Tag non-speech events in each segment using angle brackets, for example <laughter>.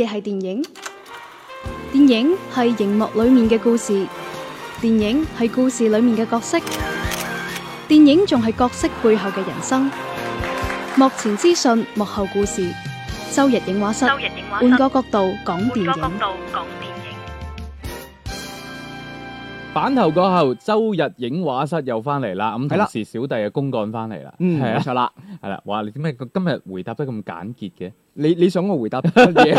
亦係電影，電影係熒幕裏面嘅故事，電影係故事裏面嘅角色，電影仲係角色背後嘅人生。幕前資訊，幕後故事。周日映畫室，換個角度講電影。版頭過後，周日影畫室又翻嚟啦。咁同時小弟嘅公幹翻嚟啦。嗯，係啦，係啦。哇，你點解今日回答得咁簡潔嘅？你你想我回答乜嘢？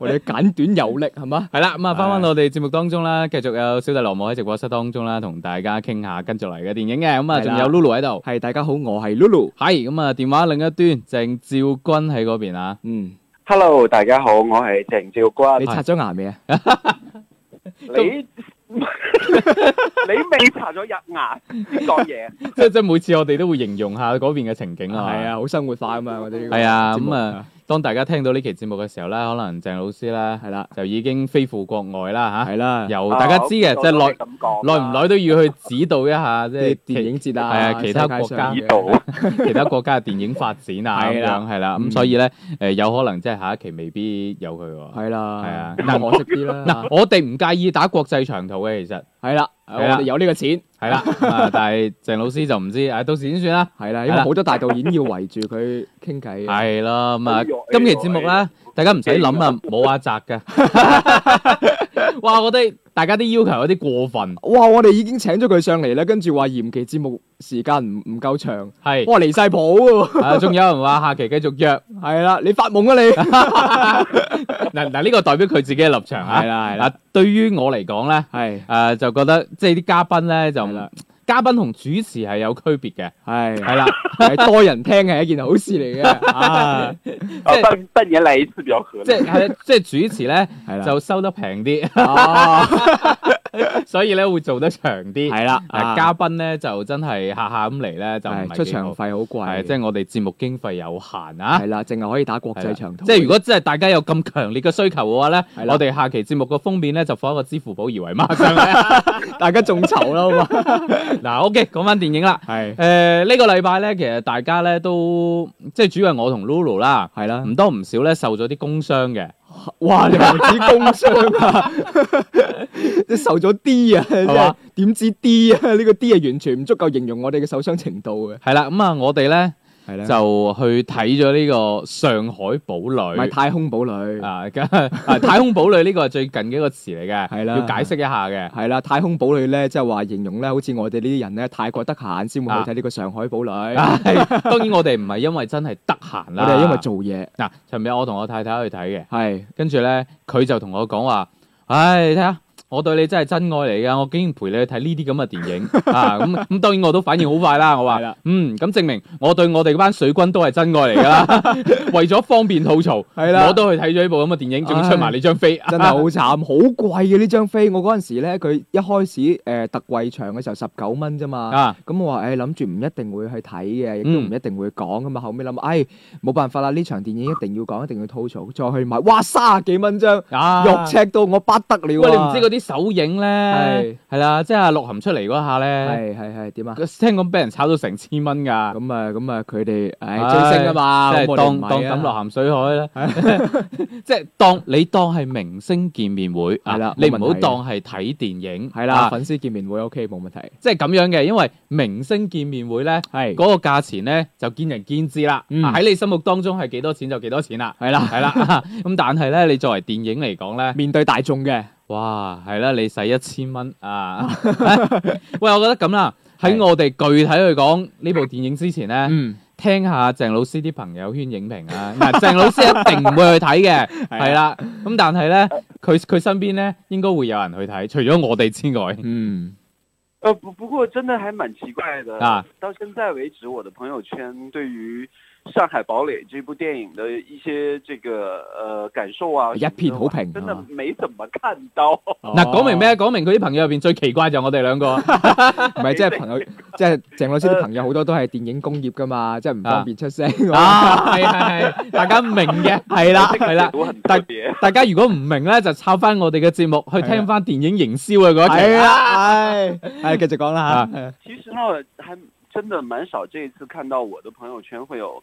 我哋簡短有力係嘛？係啦。咁啊，翻返到我哋節目當中啦，繼續有小弟羅武喺直播室當中啦，同大家傾下跟住嚟嘅電影嘅。咁啊，仲有 Lulu 喺度。係大家好，我係 Lulu。係咁啊，電話另一端鄭趙軍喺嗰邊啊。嗯，Hello，大家好，我係鄭趙軍。你擦咗牙未啊？你？ <laughs> 你未刷咗牙先講嘢， <laughs> 即係即係每次我哋都會形容下嗰邊嘅情景 <laughs> 啊，係啊，好生活化啊嘛，啊或者係、這個、啊，咁啊。當大家聽到呢期節目嘅時候啦，可能鄭老師啦，係啦，就已經飛赴國外啦嚇，係啦，由大家知嘅，即係耐耐唔耐都要去指導一下，即係電影節啊，係啊，其他國家其他國家嘅電影發展啊咁樣係啦，咁所以咧誒有可能即係下一期未必有佢喎，係啦，係啊，但係我識啲啦，嗱我哋唔介意打國際長途嘅，其實係啦，我哋有呢個錢。係啦，但係鄭老師就唔知，誒，到時先算啦。係啦，因為好多大導演要圍住佢傾偈。係咯，咁啊，今期節目咧，大家唔使諗啊，冇阿澤嘅。哇，我哋大家啲要求有啲過分。哇，我哋已經請咗佢上嚟啦，跟住話延期節目時間唔唔夠長。係，哇，離晒譜嘅。啊，仲有人話下期繼續約。係啦，你發夢啊你。嗱嗱，呢個代表佢自己嘅立場。係啦係啦，對於我嚟講咧，係誒，就覺得即係啲嘉賓咧就。係啦。嘉賓同主持係有區別嘅，係係啦，係多人聽係一件好事嚟嘅。即係半年嚟一次比較合理。即係即係主持咧，就收得平啲，所以咧會做得長啲。係啦，嘉賓咧就真係下下咁嚟咧，就出場費好貴。即係我哋節目經費有限啊，係啦，淨係可以打國際長途。即係如果真係大家有咁強烈嘅需求嘅話咧，我哋下期節目嘅封面咧就放一個支付寶二維碼上去，大家眾籌囉。嗱，OK，講翻電影啦。係是，誒、呃這個、呢個禮拜咧，其實大家咧都即係主要係我同 Lulu 啦，係啦的，唔多唔少咧受咗啲工傷嘅。哇！你何止工傷啊？你 <laughs> <laughs> 受咗 D 啊？係嘛吧？點止 D 啊？呢、這個 D 啊完全唔足夠形容我哋嘅受傷程度嘅。係啦，咁、嗯、啊，我哋咧。就去睇咗呢個上海堡壘，咪太空堡壘啊！太空堡壘呢個係最近嘅一個詞嚟嘅，的要解釋一下嘅。係啦，太空堡壘咧，即係話形容咧，好似我哋呢啲人咧，太過得閒先會去睇呢個上海堡壘。啊、 <laughs> 當然我哋唔係因為真係得閒啦，我哋因為做嘢。嗱、啊，尋日我同我太太去睇嘅，係跟住咧，佢就同我講話，唉、哎，你睇下。我對你真係真愛嚟噶，我竟然陪你去睇呢啲咁嘅電影 <laughs> 啊！咁、嗯、咁當然我都反應好快啦，我話：嗯，咁證明我對我哋班水軍都係真愛嚟噶啦！ <laughs> 為咗方便吐槽， <laughs> 的我都去睇咗呢部咁嘅電影，仲出埋你張飛，哎、真係好慘，好 <laughs> 貴嘅、啊、呢張飛！我嗰陣時咧，佢一開始誒、呃、特惠場嘅時候十九蚊啫嘛，咁我話：誒諗住唔一定會去睇嘅，亦都唔一定會講噶嘛。後尾諗，哎，冇辦法啦，呢場電影一定要講，一定要吐槽，再去買，哇，卅幾蚊張，啊、肉赤到我不得了、啊、你唔知啲？首映咧，係係啦，即係鹿晗出嚟嗰下咧，係係係點啊？聽講俾人炒到成千蚊噶咁啊咁啊，佢哋唉，追星啊嘛，當當抌落鹹水海啦，即係當你當係明星見面會係啦，你唔好當係睇電影係啦，粉絲見面會 OK 冇問題，即係咁樣嘅，因為明星見面會咧係嗰個價錢咧就見仁見智啦，喺你心目當中係幾多錢就幾多錢啦，係啦係啦咁，但係咧你作為電影嚟講咧，面對大眾嘅。哇，係啦，你使一千蚊啊？ <laughs> 喂，我覺得咁啦，喺我哋具體去講呢部電影之前呢， <laughs> 聽下鄭老師啲朋友圈影評 <laughs> 啊。嗱，鄭老師一定唔會去睇嘅，係啦。咁、嗯、但係呢，佢佢身邊呢應該會有人去睇，除咗我哋之外。 <laughs> 嗯。誒、呃，不不過，真的還蠻奇怪的。啊， <laughs> 到現在為止，我的朋友圈對於。上海堡壘這部電影的一些這個，呃，感受啊，一片好評，真的沒怎麼看到。嗱，講明咩？講明佢啲朋友入邊最奇怪就我哋兩個，唔係即係朋友，即係鄭老師啲朋友好多都係電影工業噶嘛，即係唔方便出聲。係係係，大家唔明嘅，係啦係啦，大家如果唔明咧，就抄翻我哋嘅節目去聽翻電影營銷嘅嗰期啦，係係繼續講啦吓。其實咧，還。真的蠻少，這一次看到我的朋友圈會有。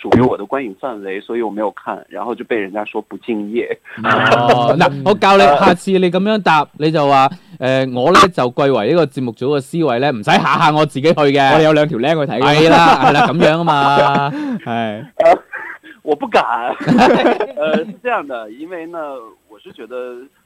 屬於我的觀影範圍，所以我沒有看，然後就被人家說不敬業。嗱、哦 <laughs> 呃，我教你下次你咁樣答，你就話誒、呃，我咧就貴為呢個節目組嘅思維咧，唔使下下我自己去嘅， <laughs> 我哋有兩條靚去睇。係啦係啦，咁樣啊嘛，係 <laughs> 是、呃。我不敢，誒、 <laughs> 呃，是這樣的，因為呢，我是覺得。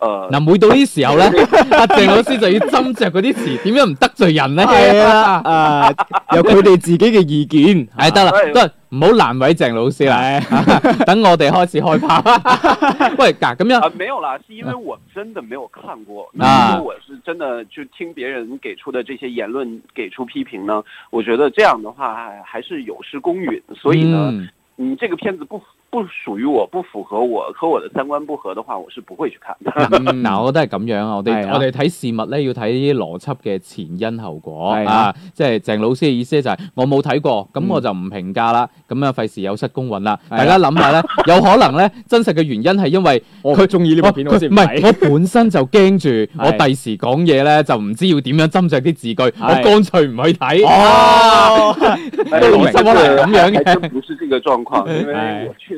嗱、啊，每到呢時候呢，阿鄭、 <laughs> 啊、老師就要斟酌嗰啲詞，點樣唔得罪人呢？係啦、 <laughs> 啊，啊，有佢哋自己嘅意見，係得啦，得，唔好難為鄭老師啦、啊，等我哋開始開拍、啊。喂，嗱、啊，咁樣、啊。沒有啦，是因為我真的沒有看過，啊、如果我是真的就聽別人給出的這些言論給出批評呢，我覺得這樣的話還是有失公允，所以呢，你、嗯嗯、這個片子不符。不屬於我，不符合我和我的三觀不合的話，我是不會去看的。嗱，我都係咁樣啊，我哋我哋睇事物咧，要睇啲邏輯嘅前因後果啊，即係鄭老師嘅意思就係我冇睇過，咁我就唔評價啦，咁啊費事有失公允啦。大家諗下咧，有可能咧，真實嘅原因係因為佢中意呢部片，好似唔係，我本身就驚住我第時講嘢咧，就唔知要點樣斟酌啲字句，我乾脆唔去睇。哦，都以身作則咁樣嘅，真不是這個狀況，因為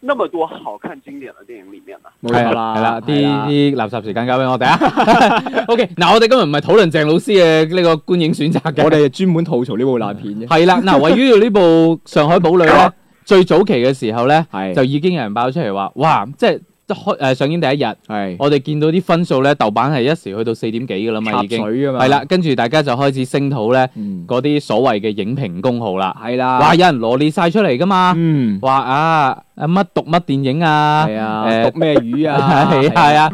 那麼多好看經典嘅電影裏面啊，冇錯啦係啦，啲啲垃圾時間交俾我哋啊。O K，嗱我哋今日唔係討論鄭老師嘅呢個觀影選擇嘅，我哋專門吐槽呢部爛片嘅。係啦，嗱，位於呢部《上海堡壘》咧，最早期嘅時候咧，係就已經有人爆出嚟話，哇，即係。即係開誒上映第一日，係我哋見到啲分數咧，豆瓣係一時去到四點幾㗎啦嘛，已經係啦。跟住大家就開始聲討咧嗰啲所謂嘅影評公號啦，係啦，話有人羅列曬出嚟㗎嘛，話啊乜讀乜電影啊，誒讀咩魚啊，係啊，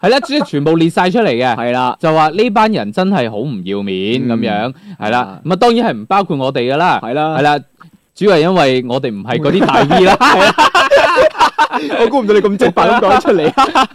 係啦，即係全部列曬出嚟嘅，係啦，就話呢班人真係好唔要面咁樣，係啦，咁啊當然係唔包括我哋㗎啦，係啦，係啦，主要係因為我哋唔係嗰啲大 V 啦。 <laughs> 我估唔到你咁直白咁講出嚟，咁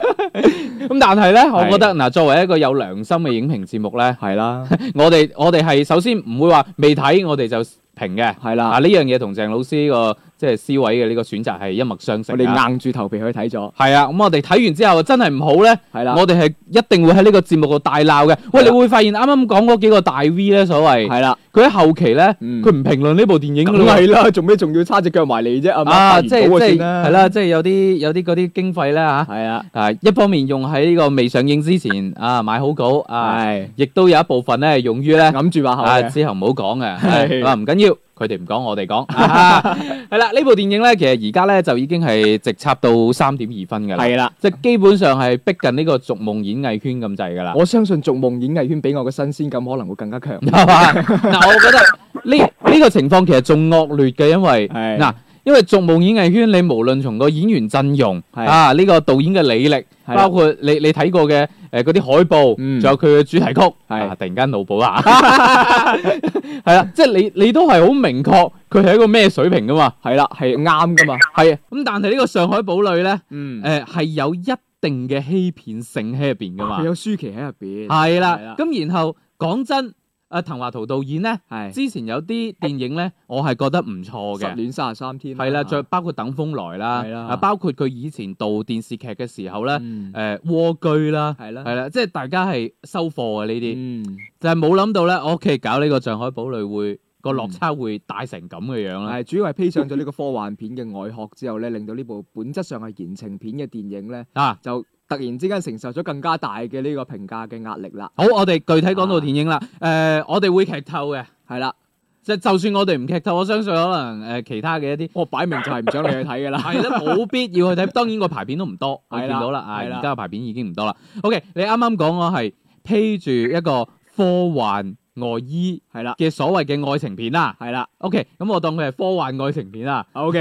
<laughs> 但係呢，我覺得嗱，作為一個有良心嘅影評節目呢，係啦的， <laughs> 我哋我哋係首先唔會話未睇我哋就評嘅，係啦的，嗱，呢樣嘢同鄭老師呢個，即係 C 位嘅呢個選擇係一脈相承。我哋硬住頭皮去睇咗。係啊，咁我哋睇完之後真係唔好咧。係啦，我哋係一定會喺呢個節目度大鬧嘅。喂，你會發現啱啱講嗰幾個大 V 咧，所謂係啦，佢喺後期咧，佢唔評論呢部電影㗎啦。係啦，做咩仲要叉隻腳埋嚟啫？啊，即係即係係啦，即係有啲有啲嗰啲經費咧嚇。係啊，誒一方面用喺呢個未上映之前啊買好稿，係亦都有一部分咧用於咧揜住把口。啊，之後唔好講嘅，係啊，唔緊要。佢哋唔講，我哋講係啦。呢、啊、 <laughs> 部電影呢，其實而家呢，就已經係直插到三點二分嘅啦。係啦的，即係基本上係逼近呢個逐夢演藝圈咁滯噶啦。我相信逐夢演藝圈畀我嘅新鮮感可能會更加強，係嘛嗱？ <laughs> 我覺得呢呢、這個情況其實仲惡劣嘅，因為嗱，的因為逐夢演藝圈你無論從個演員陣容的啊，呢、這個導演嘅履歷，包括你你睇過嘅。誒嗰啲海報，仲、嗯、有佢嘅主題曲，係、啊、突然間腦補啊，係啦，即係你你都係好明確，佢係一個咩水平噶嘛，係啦、啊，係啱噶嘛，係、嗯，咁、啊、但係呢個上海堡女上海堡壘咧，誒係、嗯呃、有一定嘅欺騙性喺入邊噶嘛，有舒淇喺入邊，係啦、啊，咁、啊啊啊、然後講真。啊滕華濤導演咧，之前有啲電影咧，欸、我係覺得唔錯嘅。失戀三十三天。係啦，再包括等風來啦，啊的包括佢以前導電視劇嘅時候咧，誒蝸的、欸、居啦，係啦的，係啦的，即係、就是、大家係收貨啊呢啲，嗯、就係冇諗到咧，我屋企搞呢個上海堡壘會個落差會大成咁嘅樣啦。係主要係披上咗呢個科幻片嘅外殼之後咧，令到呢部本質上係言情片嘅電影咧，嗱就,、啊、就。啊突然之間承受咗更加大嘅呢個評價嘅壓力啦。好，我哋具體講到電影啦。誒、啊呃，我哋會劇透嘅，係啦的。即係就，就算我哋唔劇透，我相信可能誒、呃、其他嘅一啲， <laughs> 我擺明就係唔想你去睇嘅啦。係啦， <laughs> 冇必要去睇。當然，個排片都唔多，你的見到啦。係啦，而家個排片已經唔多啦。OK，你啱啱講我係披住一個科幻外衣，係啦嘅所謂嘅愛情片啊。係啦的。的 OK，咁我當佢係科幻愛情片 <laughs> <laughs> 啊。OK，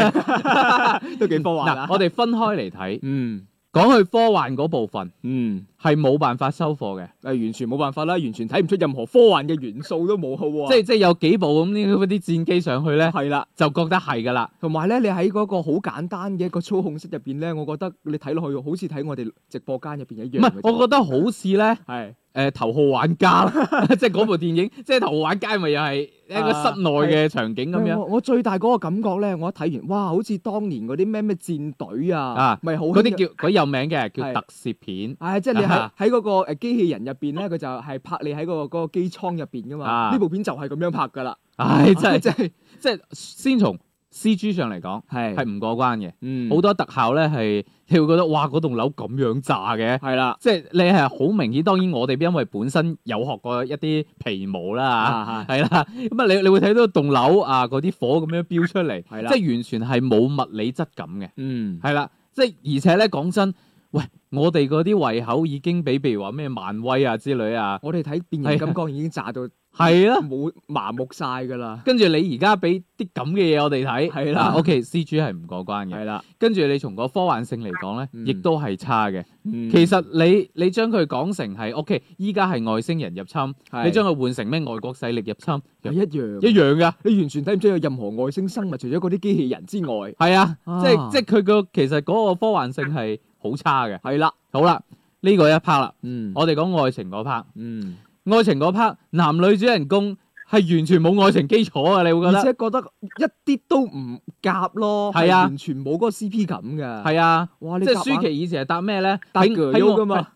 都幾科幻。我哋分開嚟睇。嗯。.講去科幻嗰部分，嗯，係冇辦法收貨嘅，係完全冇辦法啦，完全睇唔出任何科幻嘅元素都冇，啊，即係即係有幾部咁呢啲戰機上去咧，係啦的，就覺得係噶啦，同埋咧，你喺嗰個好簡單嘅一個操控室入邊咧，我覺得你睇落去好似睇我哋直播間入邊一樣，唔係，我覺得好似咧，係。誒頭號玩家即係嗰部電影，即係頭號玩家咪又係一個室內嘅場景咁樣。我最大嗰個感覺咧，我一睇完，哇！好似當年嗰啲咩咩戰隊啊，咪好嗰啲叫嗰啲有名嘅叫特攝片。係即係你喺喺嗰個誒機器人入邊咧，佢就係拍你喺個嗰個機艙入邊噶嘛。呢部片就係咁樣拍噶啦。唉，真係真係，即係先從 CG 上嚟講係係唔過關嘅，嗯、好多特效咧係你會覺得哇，嗰棟樓咁樣炸嘅，係啦的，即係、就是、你係好明顯。當然我哋因為本身有學過一啲皮毛啦嚇，係啦是，咁啊你你會睇到棟樓啊嗰啲火咁樣飆出嚟，係啦的，即係完全係冇物理質感嘅，嗯的，係啦，即係而且咧講真，喂，我哋嗰啲胃口已經比譬如話咩漫威啊之類啊，的我哋睇變形金剛已經炸到。 <laughs> 係啊，冇麻木晒噶啦。跟住你而家俾啲咁嘅嘢我哋睇，係啦，O K，C G 係唔過關嘅。係啦，跟住你從個科幻性嚟講咧，亦都係差嘅。其實你你將佢講成係 O K，依家係外星人入侵，你將佢換成咩外國勢力入侵又一樣一樣噶，你完全睇唔出有任何外星生物，除咗嗰啲機器人之外，係啊，即係即係佢個其實嗰個科幻性係好差嘅。係啦，好啦，呢個一 part 啦，我哋講愛情嗰 part。愛情嗰 part 男女主人公係完全冇愛情基礎啊。你會覺得即係覺得一啲都唔夾咯，係完全冇嗰個 C P 感嘅。係啊，哇！即係舒淇以前係搭咩咧？搭葛優噶嘛？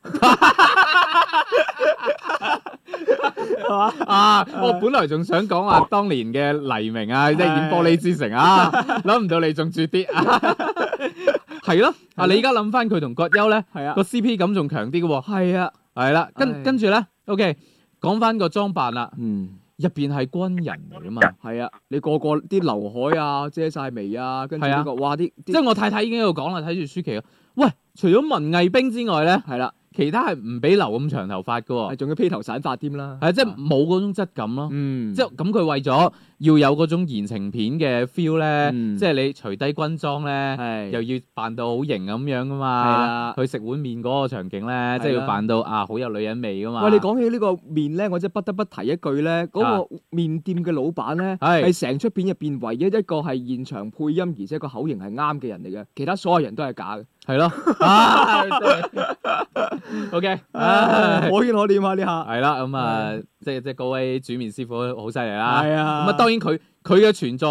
係嘛？啊！我本來仲想講啊，當年嘅黎明啊，即係演玻璃之城啊，諗唔到你仲絕啲啊，係咯。啊，你而家諗翻佢同葛優咧，係啊，個 C P 感仲強啲嘅喎。係啊，係啦，跟跟住咧，OK。講翻個裝扮啦，嗯，入邊係軍人嚟噶嘛，係、嗯、啊，你個個啲劉海啊遮晒眉啊，跟住呢、這個，啊、哇啲，即係我太太已經喺度講啦，睇住舒淇咯，喂，除咗文藝兵之外咧，係啦、啊。其他係唔俾留咁長頭髮嘅喎，仲要披頭散髮添啦，係即係冇嗰種質感咯。嗯，即咁佢為咗要有嗰種言情片嘅 feel 咧，嗯、即係你除低軍裝咧，是又要扮到好型咁樣噶嘛。係啊的，去食碗麵嗰個場景咧，的即係要扮到啊好有女人味噶嘛。喂，你講起呢個麵咧，我真係不得不提一句咧，嗰個麵店嘅老闆咧，係成出片入邊唯一一個係現場配音而且個口型係啱嘅人嚟嘅，其他所有人都係假嘅。係咯，O K，可圈可點啊呢下。係啦，咁啊，即係即係，各位煮麵師傅好犀利啦。係啊，咁啊，當然佢佢嘅存在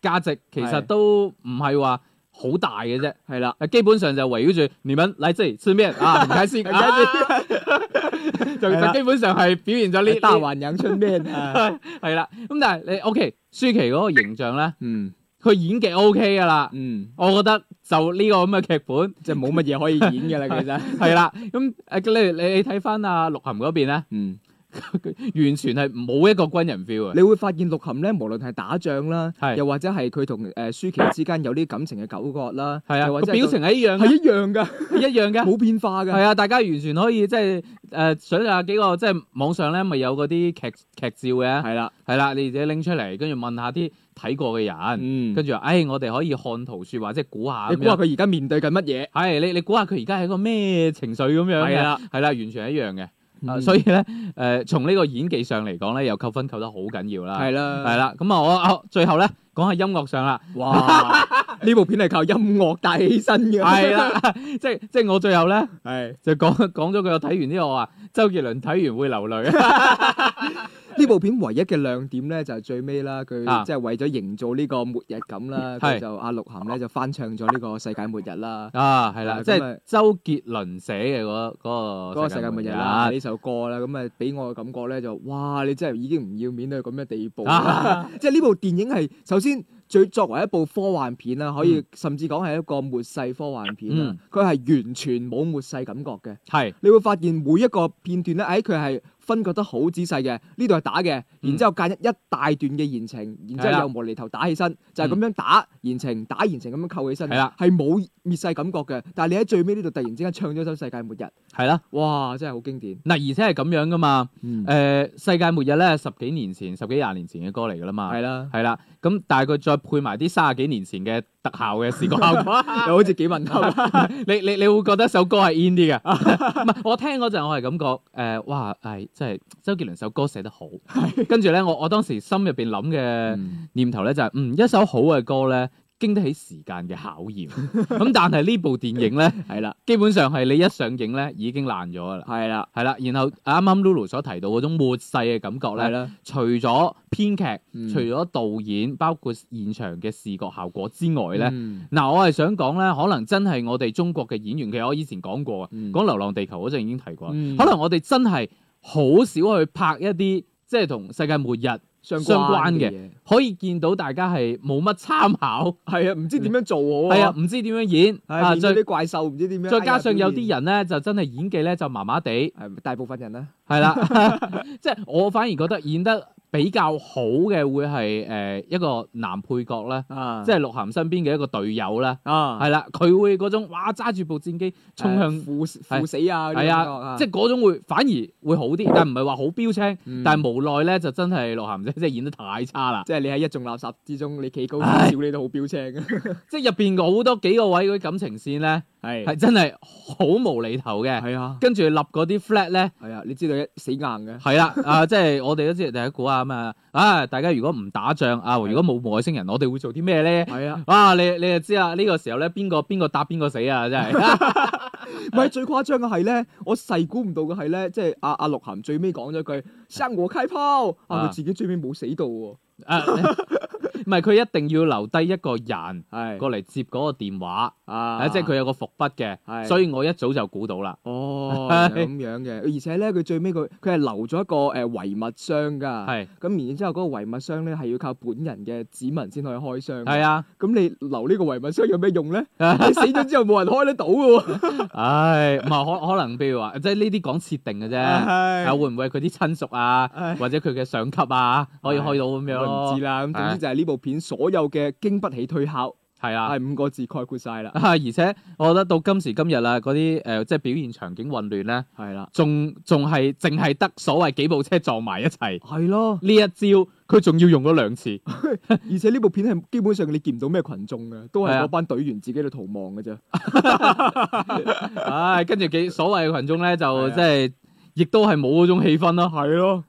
價值其實都唔係話好大嘅啫。係啦，基本上就圍繞住你們來這裡咩啊。唔解釋，唔就基本上係表現咗呢大碗陽春咩？係啦，咁但係你 O K，舒淇嗰個形象咧，嗯，佢演技 O K 噶啦，嗯，我覺得。就呢個咁嘅劇本，就冇乜嘢可以演嘅啦，其實係啦。咁誒，咁你你睇翻阿鹿晗嗰邊咧，啊、邊嗯，完全係冇一個軍人 feel 啊！你會發現鹿晗咧，無論係打仗啦，係的又或者係佢同誒舒淇之間有啲感情嘅糾葛啦，係啊個表情係一樣，係一樣噶， <laughs> 一樣嘅，冇變化噶。係啊，大家完全可以即係誒，想下幾個即係網上咧咪有嗰啲劇劇照嘅，係啦的，係啦的，你自己拎出嚟，跟住問下啲。睇過嘅人，跟住話，唉、哎，我哋可以看圖説話，即係估下，你估下佢而家面對緊乜嘢？係，你你估下佢而家係一個咩情緒咁樣嘅？係啦了，係啦了，完全一樣嘅。嗯、所以咧，誒、呃，從呢個演技上嚟講咧，又扣分扣得好緊要啦。係啦了，係啦。咁啊，我、哦、最後咧講下音樂上啦。哇 <laughs> 呢部片係靠音樂帶起身嘅，係啦，即係即係我最後咧，係就講講咗佢，我睇完啲我話周杰倫睇完會流淚。呢部片唯一嘅亮點咧就係、是、最尾啦，佢即係為咗營造呢個末日感啦，佢、啊、就阿鹿晗咧就翻唱咗呢個世界末日啦。啊，係啦，即係周杰倫寫嘅嗰嗰個個世界末日啦啊呢首歌啦，咁啊俾我嘅感覺咧就，哇！你真係已經唔要面到咁嘅地步，啊、 <laughs> <laughs> 即係呢部電影係首先。最作為一部科幻片啦，可以甚至講係一個末世科幻片啦，佢係完全冇末世感覺嘅。係是，你會發現每一個片段咧，喺佢係分割得好仔細嘅。呢度係打嘅，然之後隔一一大段嘅言情，然之後又無厘頭打起身，的就係咁樣打言情，打言情咁樣扣起身，係冇的。滅世感覺嘅，但係你喺最尾呢度突然之間唱咗首世界末日，係啦，啊、哇，真係好經典。嗱、啊，而且係咁樣噶嘛，誒、嗯呃，世界末日咧，十幾年前、十幾廿年前嘅歌嚟噶啦嘛，係啦、啊，係啦、啊。咁但係佢再配埋啲卅幾年前嘅特效嘅視覺效果，又好似幾混搭。你你你會覺得首歌係 in 啲嘅，唔係，我聽嗰陣我係感覺，誒、呃，哇，係、哎、真係周杰倫首歌寫得好。 <laughs> 跟住咧，我我當時心入邊諗嘅念頭咧就係、是，嗯，嗯，一首好嘅歌咧。經得起時間嘅考驗，咁 <laughs> 但係呢部電影咧，係 <laughs> 啦，基本上係你一上映咧已經爛咗噶啦。係啦，係啦，然後啱啱 Lulu 所提到嗰種末世嘅感覺咧，係啦，除咗編劇、嗯、除咗導演，包括現場嘅視覺效果之外咧，嗱、嗯啊，我係想講咧，可能真係我哋中國嘅演員，其實我以前講過啊，講、嗯《流浪地球》嗰陣已經提過，嗯、可能我哋真係好少去拍一啲即係同世界末日相關嘅，關可以見到大家係冇乜參考，係啊，唔知點樣做好，係啊，唔、啊、知點樣演啊，變咗啲怪獸，唔、啊、知點樣，再加上有啲人咧、哎、就真係演技咧就麻麻地，大部分人啦，係啦是、啊，即 <laughs> 係 <laughs> 我反而覺得演得比較好嘅會係誒一個男配角咧，即係鹿晗身邊嘅一個隊友啦，係啦，佢會嗰種哇揸住部戰機衝向赴赴死啊，係啊，即係嗰種會反而會好啲，但唔係話好標青，但係無奈咧就真係鹿晗姐即係演得太差啦，即係你喺一眾垃圾之中，你企高少少你都好標青，即係入邊好多幾個位嗰啲感情線咧。係係真係好無厘頭嘅，係啊，跟住立嗰啲 flag 咧，係啊，你知道一死硬嘅，係啦、啊， <laughs> 啊，即係我哋都知第一股啊咁啊，啊，大家如果唔打仗啊，啊，如果冇外星人，我哋會做啲咩咧？係啊，哇、啊，你你又知啊？呢、這個時候咧，邊個邊個搭邊個死啊？真係，咪 <laughs> <laughs> 最誇張嘅係咧，我細估唔到嘅係咧，即係阿阿鹿晗最尾講咗句向我開炮，啊，佢、啊、自己最尾冇死到、啊、喎。誒，唔係佢一定要留低一個人，係過嚟接嗰個電話，啊，即係佢有個伏筆嘅，係，所以我一早就估到啦，哦，咁樣嘅，而且咧，佢最尾佢佢係留咗一個誒遺物箱噶，係，咁然之後嗰個遺物箱咧係要靠本人嘅指紋先可以開箱，係啊，咁你留呢個遺物箱有咩用咧？你死咗之後冇人開得到嘅喎，唉，唔係可可能，譬如話，即係呢啲講設定嘅啫，係，會唔會係佢啲親屬啊，或者佢嘅上級啊，可以開到咁樣？唔知啦，咁、哦、總之就係呢部片所有嘅經不起推敲，係啊，係五個字概括晒啦。而且我覺得到今時今日啦，嗰啲誒即係表現場景混亂咧，係啦、啊，仲仲係淨係得所謂幾部車撞埋一齊，係咯、啊。呢一招佢仲要用咗兩次，而且呢部片係基本上你見唔到咩群眾噶， <laughs> 都係嗰班隊員自己喺度逃亡噶啫。唉、 <laughs> <laughs> 啊，跟住幾所謂嘅群眾咧，就即係、啊。亦都係冇嗰種氣氛咯，係咯，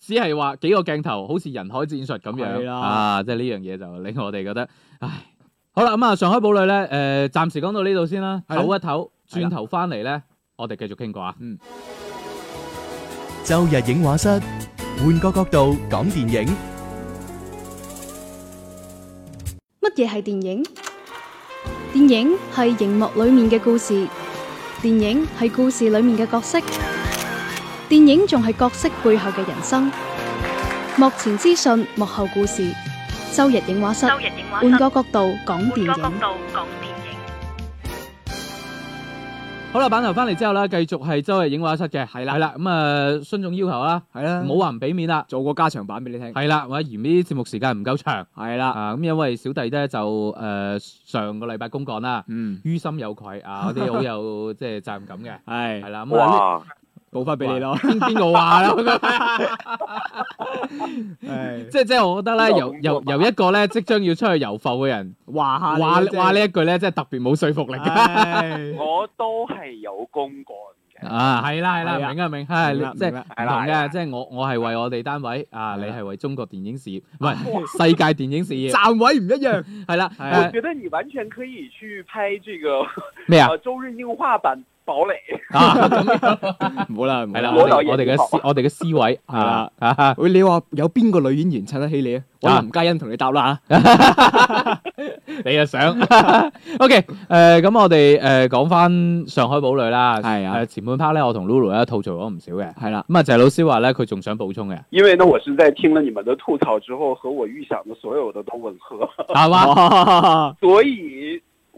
只係話幾個鏡頭好似人海戰術咁樣啊！即係呢樣嘢，就令我哋覺得，唉，好啦，咁啊，上海堡壘咧，誒，暫時講到呢度先啦，唞一唞，轉頭翻嚟咧，我哋繼續傾過啊。嗯，周日影畫室，換個角度講電影，乜嘢係電影？電影係熒幕裏面嘅故事，電影係故事裏面嘅角色。電影仲係角色背後嘅人生，幕前資訊，幕後故事，周日影畫室，換個角度講電影。好啦，板頭翻嚟之後啦，繼續係周日影畫室嘅，係啦，係啦，咁啊，信眾要求啦，係啦，冇話唔俾面啦，做個加長版俾你聽。係啦，我嫌呢啲節目時間唔夠長，係啦，啊，咁因為小弟咧就誒上個禮拜公幹啦，於心有愧啊，嗰啲好有即係責任感嘅，係係啦，咁啊。補翻俾你咯，邊邊個話咯？係，即係即係，我覺得咧，由由由一個咧，即將要出去遊埠嘅人話下話話呢一句咧，即係特別冇說服力嘅。我都係有公幹嘅。啊，係啦係啦，明啊明，係即係唔同嘅，即係我我係為我哋單位啊，你係為中國電影事業，喂，世界電影事業，站位唔一樣。係啦，我覺得你完全可以去拍呢個咩啊？周日映畫室。寶麗，唔好啦，係啦，我哋嘅我哋嘅思維啊，啊，喂，你話有邊個女演員襯得起你啊？啊，吳嘉欣同你搭啦吓，你啊想？OK，誒，咁我哋誒講翻上海堡壘啦，係啊，前半 part 咧，我同 Lulu 咧吐槽咗唔少嘅，係啦，咁啊就係老師話咧，佢仲想補充嘅，因為呢，我是在聽了你們的吐槽之後，和我預想的所有的都吻合，啊嘛，所以。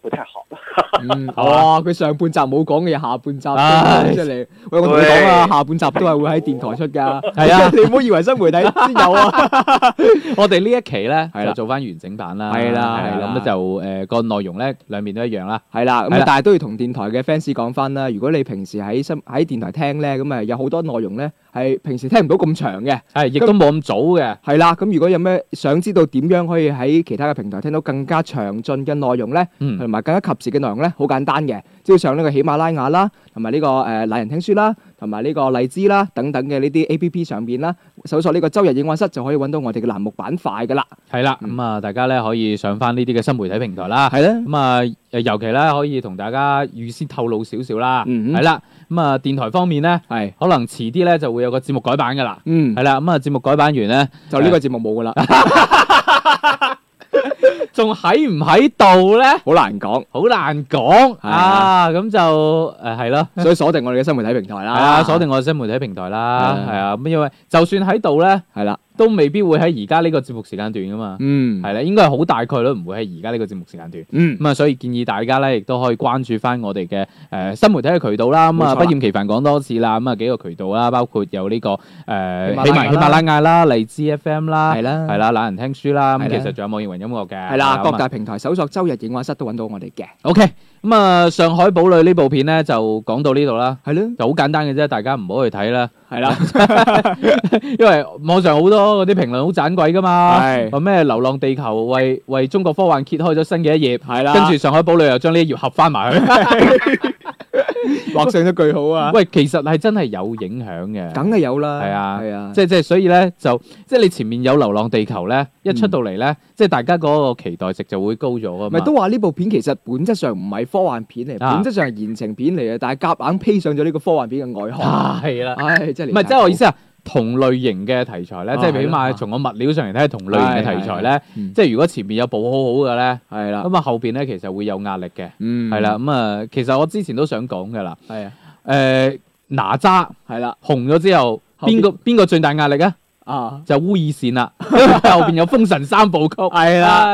不太好。嗯，佢上半集冇講嘅下半集都出嚟。我同你講啊，下半集都係會喺電台出噶。係啊，你唔好以為新媒體先有啊。我哋呢一期咧，係啦，做翻完整版啦。係啦，係咁就誒個內容咧，兩面都一樣啦。係啦，咁但係都要同電台嘅 fans 講翻啦。如果你平時喺新喺電台聽咧，咁啊有好多內容咧係平時聽唔到咁長嘅，係亦都冇咁早嘅。係啦，咁如果有咩想知道點樣可以喺其他嘅平台聽到更加詳盡嘅內容咧，同埋更加及時嘅內容咧，好簡單嘅，只要上呢個喜馬拉雅啦，同埋呢個誒、呃、懶人聽書啦，同埋呢個荔枝啦等等嘅呢啲 A P P 上邊啦，搜索呢個周日映畫室就可以揾到我哋嘅欄目版塊噶啦。係啦，咁啊，大家咧可以上翻呢啲嘅新媒體平台啦。係啦，咁啊、嗯，嗯、尤其咧可以同大家預先透露少少啦。嗯，係啦，咁啊，電台方面咧，係是可能遲啲咧就會有個節目改版噶啦嗯。嗯，係啦，咁啊，節目改版完咧，就呢個節目冇噶啦。仲喺唔喺度咧？好難講，好難講的啊！咁就誒係咯，啊、所以鎖定我哋嘅新媒體平台啦，係啊，鎖定我哋新媒體平台啦，係啊的。咁的因為就算喺度咧，係啦。都未必會喺而家呢個節目時間段㗎嘛，嗯，係啦，應該係好大概率唔會喺而家呢個節目時間段，嗯，咁啊，所以建議大家咧，亦都可以關注翻我哋嘅誒新媒體嘅渠道啦，咁啊不厭其煩講多次啦，咁啊幾個渠道啦，包括有呢個誒喜馬喜馬拉雅啦、荔枝 FM 啦，係啦，係啦，懶人聽書啦，咁其實仲有網易雲音樂嘅，係啦，各大平台搜索周日映畫室都揾到我哋嘅，OK。咁啊，上海堡壘呢部片呢就講到呢度啦，係咯，就好簡單嘅啫，大家唔好去睇啦，係啦，因為網上好多嗰啲評論好盞鬼噶嘛，係話咩流浪地球為為中國科幻揭開咗新嘅一頁，係啦，跟住上海堡壘又將呢一頁合翻埋去。畫 <laughs> 上咗句號啊！喂，其實係真係有影響嘅，梗係有啦，係啊，係啊，即係即係，所以咧就即係你前面有《流浪地球》咧，一出到嚟咧，嗯、即係大家嗰個期待值就會高咗噶。咪都話呢部片其實本質上唔係科幻片嚟，啊、本質上係言情片嚟嘅，但係夾硬，硬披上咗呢個科幻片嘅外殼，係啦、啊，唉、啊哎，真係唔係，即係我意思啊。同類型嘅題材咧，啊、即係起碼、啊、從個物料上嚟睇，同類型嘅題材咧，啊啊、即係如果前面有部好好嘅咧，係啦、啊，咁啊後邊咧其實會有壓力嘅，係啦、嗯，咁啊其實我之前都想講嘅啦，係啊，誒哪吒係啦，啊、紅咗之後邊個邊個最大壓力啊？啊！就烏爾善啦， <laughs> 後邊有《封神三部曲》，係啦，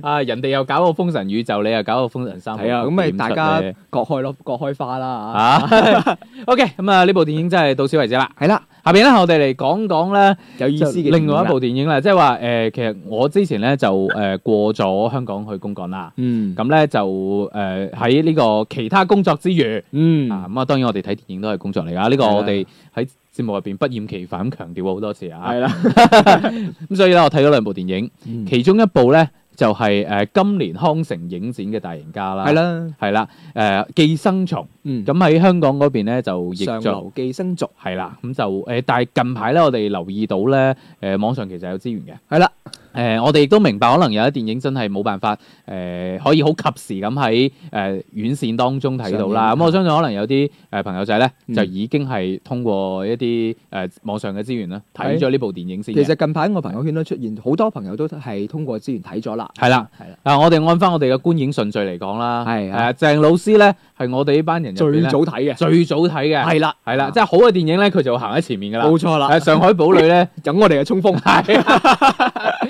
啊，人哋又搞個《封神宇宙》，你又搞個《封神三部曲》的，咁咪大家各開咯，各開花啦吓。o k 咁啊，呢、 <laughs> <laughs> okay, 部電影真係到此為止啦。係啦，下邊咧我哋嚟講講咧有意思嘅另外一部電影啦，即係話誒，其實我之前咧就誒過咗香港去公幹啦。嗯。咁咧就誒喺呢個其他工作之餘，嗯啊，咁啊，當然我哋睇電影都係工作嚟噶。呢、這個我哋喺。 <laughs> <laughs> 節目入邊不厭其煩咁強調過好多次啊，係啦對了，咁 <laughs> <laughs> 所以咧我睇咗兩部電影，嗯、其中一部咧就係、是、誒今年康城影展嘅大贏家啦，係啦了，係啦，誒、呃、寄生蟲，咁喺、嗯、香港嗰邊咧就上流寄生族係啦，咁就誒、呃，但係近排咧我哋留意到咧，誒、呃、網上其實有資源嘅，係啦。誒，我哋亦都明白，可能有啲電影真係冇辦法誒，可以好及時咁喺誒院線當中睇到啦。咁我相信可能有啲誒朋友仔咧，就已經係通過一啲誒網上嘅資源啦，睇咗呢部電影先。其實近排我朋友圈都出現好多朋友都係通過資源睇咗啦。係啦，係啦。嗱，我哋按翻我哋嘅觀影順序嚟講啦，係啊，鄭老師咧係我哋呢班人最早睇嘅，最早睇嘅，係啦，係啦，即係好嘅電影咧，佢就會行喺前面噶啦。冇錯啦，《上海堡壘》咧，有我哋嘅衝鋒。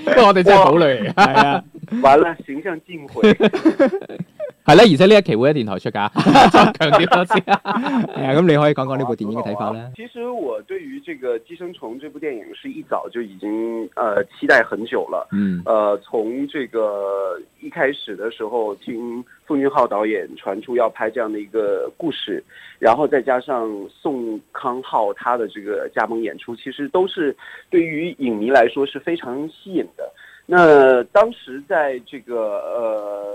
不過我哋真係考慮嚟噶，係 <laughs> 啊。完了， <laughs> 形象盡毀。 <laughs> 係啦，而且呢一期會喺電台出噶，強調咗先。係啊， <laughs> 咁你可以講講呢部電影嘅睇法咧？其實我對於這個《寄生蟲》這部電影，是一早就已經，呃，期待很久啦。嗯，呃，從這個一開始的時候，聽奉俊昊導演傳出要拍這樣的一個故事，然後再加上宋康昊他的這個加盟演出，其實都是對於影迷來說是非常吸引的。那當時在這個，呃。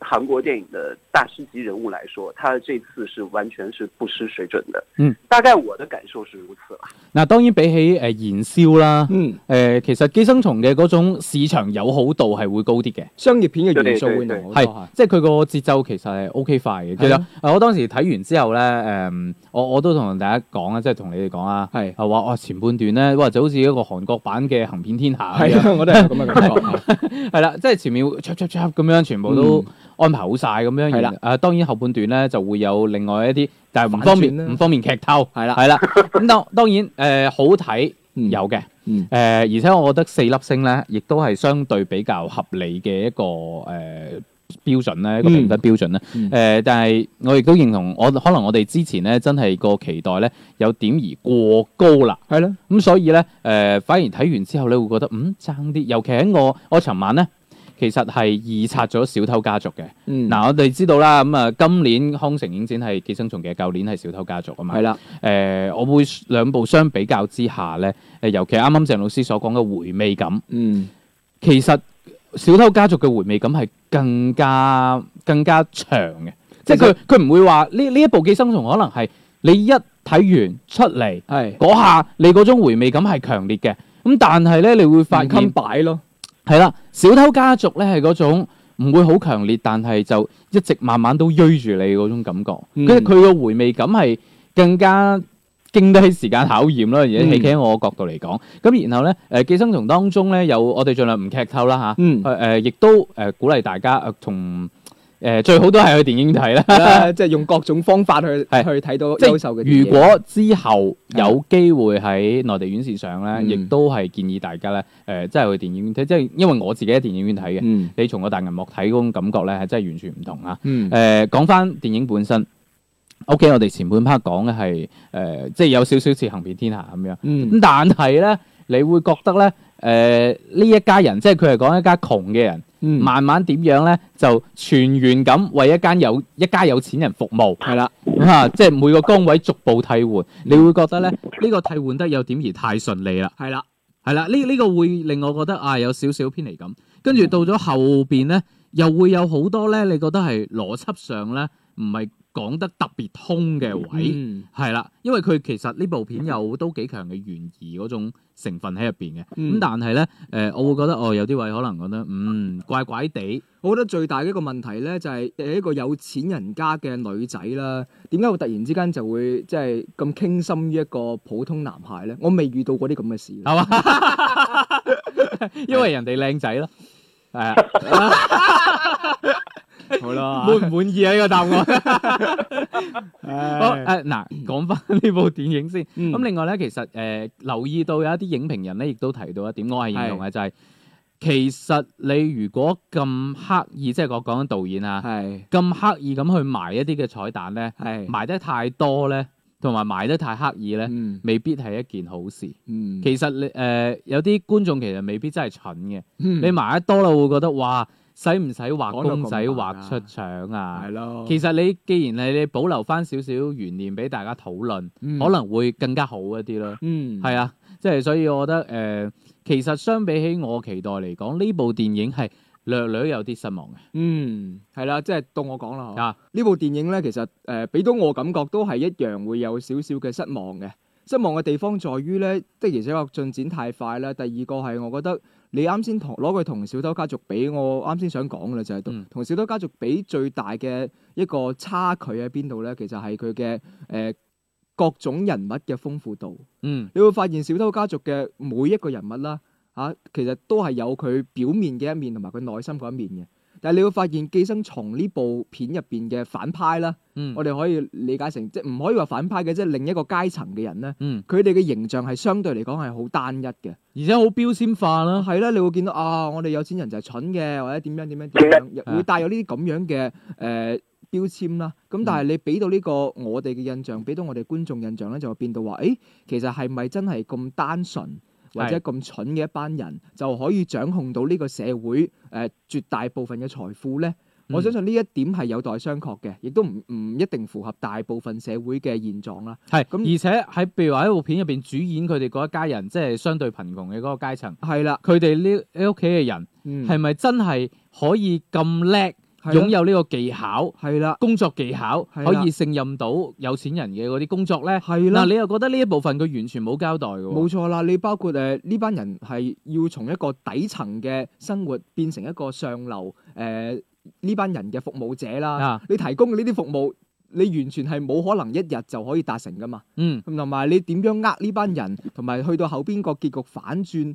韓國電影的大師級人物來說，他這次是完全是不失水準的。嗯，大概我的感受是如此啦。那當然比起誒《燃燒》啦，嗯，誒其實《寄生蟲》嘅嗰種市場友好度係會高啲嘅，商業片嘅元素會係，即係佢個節奏其實係 O K 快嘅。其實我當時睇完之後咧，誒我我都同大家講啊，即係同你哋講啊，係係話哇前半段咧或就好似一個韓國版嘅《行遍天下》係啊，我都有咁嘅感覺，係啦，即係前面 check check check 咁樣全部都。安排好晒，咁樣了，係啦。誒，當然後半段咧就會有另外一啲，但係唔方便唔方便劇透，係啦係啦。咁當 <laughs> 當然誒、呃、好睇、嗯、有嘅，誒、呃、而且我覺得四粒星咧，亦都係相對比較合理嘅一個誒、呃、標準咧，一個評分標準咧。誒、嗯呃，但係我亦都認同，我可能我哋之前咧真係個期待咧有點而過高啦，係咯了。咁、嗯、所以咧誒、呃、反而睇完之後咧會覺得嗯爭啲，尤其喺我我尋晚咧。其實係二刷咗小偷家族嘅。嗱、嗯，我哋知道啦，咁啊，今年康城影展係《寄生蟲》嘅，舊年係《小偷家族》啊嘛的。係啦，誒，我會兩部相比較之下咧，誒，尤其啱啱鄭老師所講嘅回味感。嗯，其實《小偷家族》嘅回味感係更加更加長嘅，即係佢佢唔會話呢呢一部《寄生蟲》可能係你一睇完出嚟係嗰下，你嗰種回味感係強烈嘅。咁但係咧，你會發現擺咯。嗯係啦，小偷家族咧，係嗰種唔會好強烈，但係就一直慢慢都追住你嗰種感覺。跟佢個回味感係更加經得起時間考驗咯。而家你企喺我個角度嚟講，咁、嗯、然後咧，誒寄生蟲當中咧有我哋盡量唔劇透啦吓，誒、啊、亦、嗯呃、都誒鼓勵大家誒同。呃同誒、呃，最好都係去電影睇啦， <laughs> 即係用各種方法去是去睇到優秀嘅。如果之後有機會喺內地院線上呢，亦都係建議大家呢，誒、呃，即係去電影院睇，即係因為我自己喺電影院睇嘅，嗯、你從個大銀幕睇嗰種感覺呢，係真係完全唔同啊！誒、嗯，講翻、呃、電影本身，OK，我哋前半 part 講嘅係誒，即係有少少似行遍天下咁樣，嗯、但係呢，你會覺得呢，誒、呃、呢一家人，即係佢係講一家窮嘅人。嗯，慢慢點樣咧？就全員咁為一家有一家有錢人服務，係啦的，嚇、啊，即係每個崗位逐步替換。你會覺得咧，呢、呢個替換得有點而太順利啦，係啦，係啦，呢、呢、呢個會令我覺得啊，有少少偏離感。跟住到咗後邊咧，又會有好多咧，你覺得係邏輯上咧，唔係。講得特別通嘅位係啦、嗯，因為佢其實呢部片有都幾強嘅懸疑嗰種成分喺入邊嘅，咁、嗯、但係咧，誒、呃、我會覺得哦，有啲位可能覺得嗯怪怪地。我覺得最大嘅一個問題咧，就係、誒、一個有錢人家嘅女仔啦，點解會突然之間就會即係咁傾心於一個普通男孩咧？我未遇到過啲咁嘅事，係嘛？因為人哋靚仔咯，係啊。好啦，滿唔滿意啊？呢個答案，好誒，嗱，講翻呢部電影先。咁另外咧，其實誒，留意到有一啲影評人咧，亦都提到一點，我係認同嘅，就係其實你如果咁刻意，即係我講緊導演啊，咁刻意咁去埋一啲嘅彩蛋咧，埋得太多咧，同埋埋得太刻意咧，未必係一件好事。嗯，其實你誒，有啲觀眾其實未必真係蠢嘅，你埋得多啦，會覺得哇。使唔使畫公仔畫出腸啊？係咯的，其實你既然係你保留返少少懸念俾大家討論，嗯、可能會更加好一啲咯。嗯，係啊，即係所以，我覺得誒、呃，其實相比起我期待嚟講，呢部電影係略略有啲失望嘅。嗯，係啦，即、就、係、是、到我講啦。啊，呢的部電影咧，其實誒，俾、呃、到我感覺都係一樣會有少少嘅失望嘅。失望嘅地方在於咧，的而且確進展太快啦。第二個係我覺得。你啱先同攞佢同小偷家族比，我啱先想講嘅就係、同、同小偷家族比最大嘅一個差距喺邊度咧？其實係佢嘅誒各種人物嘅豐富度。嗯，你會發現小偷家族嘅每一個人物啦，嚇、啊、其實都係有佢表面嘅一面同埋佢內心嗰一面嘅。但係你會發現寄生蟲呢部片入邊嘅反派啦，嗯、我哋可以理解成即唔、就是、可以話反派嘅，即、就是、另一個階層嘅人咧。佢哋嘅形象係相對嚟講係好單一嘅，而且好標籤化啦。係啦、啊，你會見到啊，我哋有錢人就係蠢嘅，或者點樣點樣點樣，會帶有呢啲咁樣嘅誒、呃、標籤啦。咁但係你俾到呢個我哋嘅印象，俾到我哋觀眾印象咧，就會變到話，誒其實係咪真係咁單純？或者咁蠢嘅一班人就可以掌控到呢個社會誒、呃、絕大部分嘅財富咧？嗯、我相信呢一點係有待商榷嘅，亦都唔唔一定符合大部分社會嘅現狀啦。係，咁，而且喺譬如話喺部片入邊主演佢哋嗰一家人，即係相對貧窮嘅嗰個階層，係啦，佢哋呢屋企嘅人，嗯，係咪真係可以咁叻？擁有呢個技巧，係啦的，工作技巧的可以勝任到有錢人嘅嗰啲工作咧，係啦的。嗱，你又覺得呢一部分佢完全冇交代嘅，冇錯啦。你包括誒呢班人係要從一個底層嘅生活變成一個上流誒呢班人嘅服務者啦。的你提供嘅呢啲服務，你完全係冇可能一日就可以達成噶嘛。嗯，同埋你點樣呃呢班人，同埋去到後邊個結局反轉。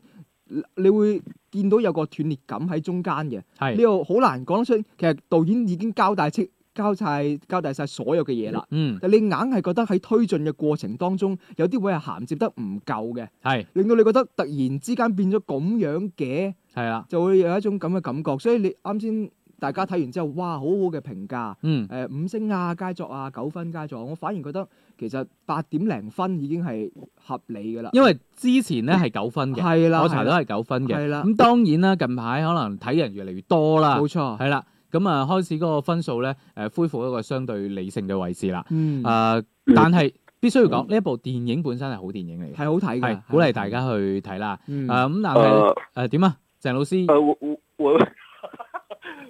你會見到有個斷裂感喺中間嘅，呢是個好難講得出。其實導演已經交代清、交代、交代晒所有嘅嘢啦。嗯，但你硬係覺得喺推進嘅過程當中，有啲位係銜接得唔夠嘅，係是令到你覺得突然之間變咗咁樣嘅，係啦、啊，就會有一種咁嘅感覺。所以你啱先大家睇完之後，哇，好好嘅評價，誒、嗯呃，五星啊，佳作啊，九分佳作，我反而覺得。其實八點零分已經係合理㗎啦，因為之前咧係九分嘅，的我查到係九分嘅。咁的、嗯、當然啦，近排可能睇人越嚟越多啦。冇錯錯，係啦。咁、嗯、啊，開始嗰個分數咧，誒、嗯，恢復一個相對理性嘅位置啦。誒，但係必須要講呢一部電影本身係好電影嚟嘅，係好睇嘅，鼓勵大家去睇啦。誒，咁、嗯嗯、但係誒點啊，鄭、呃啊、老師？啊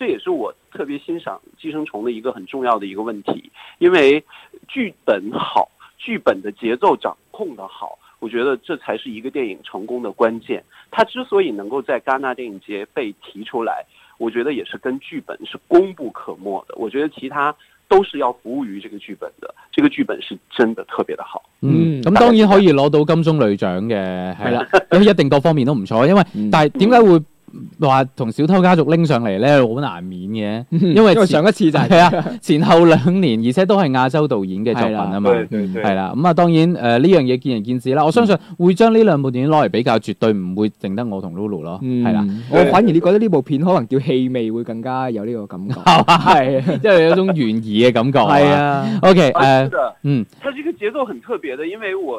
這也是我特別欣賞《寄生蟲》的一個很重要的一個問題，因為劇本好，劇本的節奏掌控得好，我覺得這才是一個電影成功的關鍵。它之所以能夠在戛納電影節被提出來，我覺得也是跟劇本是功不可沒的。我覺得其他都是要服務於這個劇本的，這個劇本是真的特別的好。嗯，咁、嗯嗯、當然可以攞到金棕櫚獎嘅，係啦， <laughs> 一定各方面都唔錯。因為，但係點解會？話同小偷家族拎上嚟咧好難免嘅，因為上一次就係啊前後兩年，而且都係亞洲導演嘅作品啊嘛，係啦咁啊，當然誒呢樣嘢見仁見智啦。我相信會將呢兩部電影攞嚟比較，絕對唔會剩得我同 Lulu 咯，係啦。我反而你覺得呢部片可能叫氣味會更加有呢個感覺，係即係有種懸疑嘅感覺，係啊。O K 誒，嗯，佢呢個節奏很特別嘅，因為我。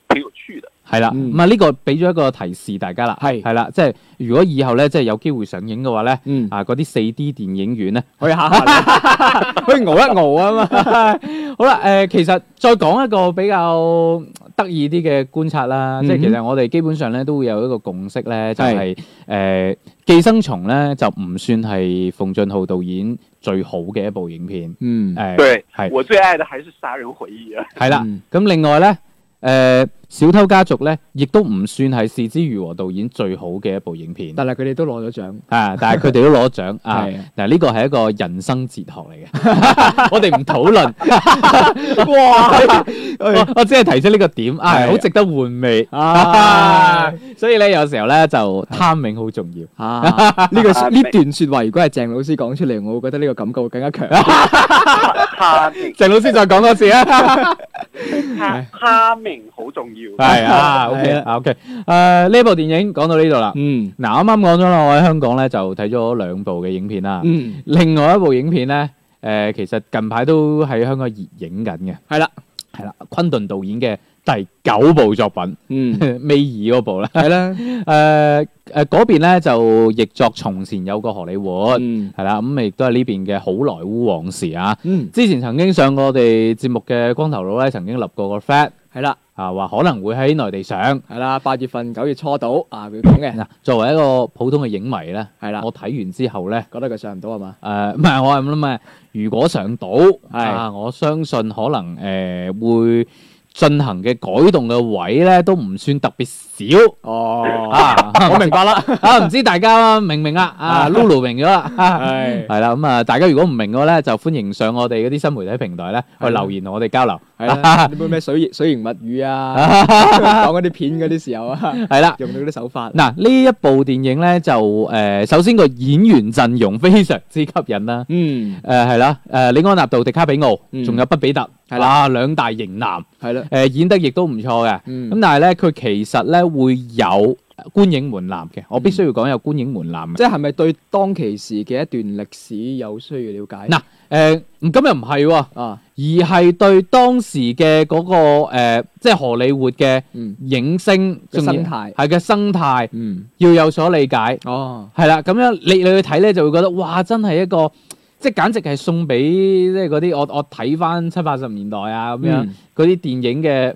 幾有趣嘅係啦，咁啊呢個俾咗一個提示大家啦，係係啦，即係如果以後咧，即係有機會上映嘅話咧，啊嗰啲四 D 電影院咧，可以下下，可以熬一熬啊嘛。好啦，誒，其實再講一個比較得意啲嘅觀察啦，即係其實我哋基本上咧都會有一個共識咧，就係誒寄生蟲咧就唔算係奉俊昊導演最好嘅一部影片。嗯，誒，對，係我最愛嘅還是殺人回憶啊。係啦，咁另外咧，誒。小偷家族咧，亦都唔算係是枝裕和導演最好嘅一部影片。但係佢哋都攞咗獎，啊！但係佢哋都攞獎啊！嗱，呢個係一個人生哲學嚟嘅，我哋唔討論。哇！我我只係提出呢個點啊，好值得回味啊！所以咧，有時候咧就貪名好重要啊！呢個呢段説話，如果係鄭老師講出嚟，我會覺得呢個感覺會更加強。貪名，鄭老師再講多次啊！貪名好重要。係 <laughs> 啊 okay，OK，啊 o k o k 誒，呢部電影講到呢度啦。嗯，嗱，啱啱講咗啦，我喺香港咧就睇咗兩部嘅影片啦。嗯，另外一部影片咧，誒、呃，其實近排都喺香港熱映緊嘅。係啦的，係啦，昆頓導演嘅第九部作品。嗯，美兒嗰部啦。係啦的，誒誒、呃，嗰邊咧就譯作從前有個荷里活。嗯，係啦，咁、嗯、亦都係呢邊嘅好萊塢往事啊。嗯，之前曾經上過我哋節目嘅光頭佬咧，曾經立過，過個 flag 係啦，啊話可能會喺內地上，係啦，八月份九月初到，啊佢講嘅。嗱，作為一個普通嘅影迷咧，係啦了，我睇完之後咧，覺得佢上唔到係嘛？誒、呃，唔係我係咁諗嘅，如果上到，係、 <laughs> 啊，我相信可能誒、呃、會進行嘅改動嘅位咧，都唔算特別。哦，我明白啦。啊，唔知大家明唔明啊？啊，Lulu 明咗啦。係係啦，咁啊，大家如果唔明嘅話咧，就歡迎上我哋嗰啲新媒體平台咧，去留言同我哋交流。係啦，嗰啲咩水水形物語啊，講嗰啲片嗰啲時候啊，係啦，用到啲手法。嗱，呢一部電影咧，就誒首先個演員陣容非常之吸引啦。嗯。誒係啦，誒李安納道迪卡比奧，仲有畢比特，係啦，兩大型男，係啦。誒演得亦都唔錯嘅。咁但係咧，佢其實咧，會有觀影門檻嘅，我必須要講有觀影門檻，即係咪對當其時嘅一段歷史有需要了解？嗱，誒，咁又唔係喎，啊，而係對當時嘅嗰個誒，即係荷里活嘅影星，仲係嘅生態，嗯，要有所理解，哦，係啦，咁樣你你去睇咧就會覺得，哇，真係一個，即係簡直係送俾即係嗰啲我我睇返七八十年代啊咁樣嗰啲電影嘅。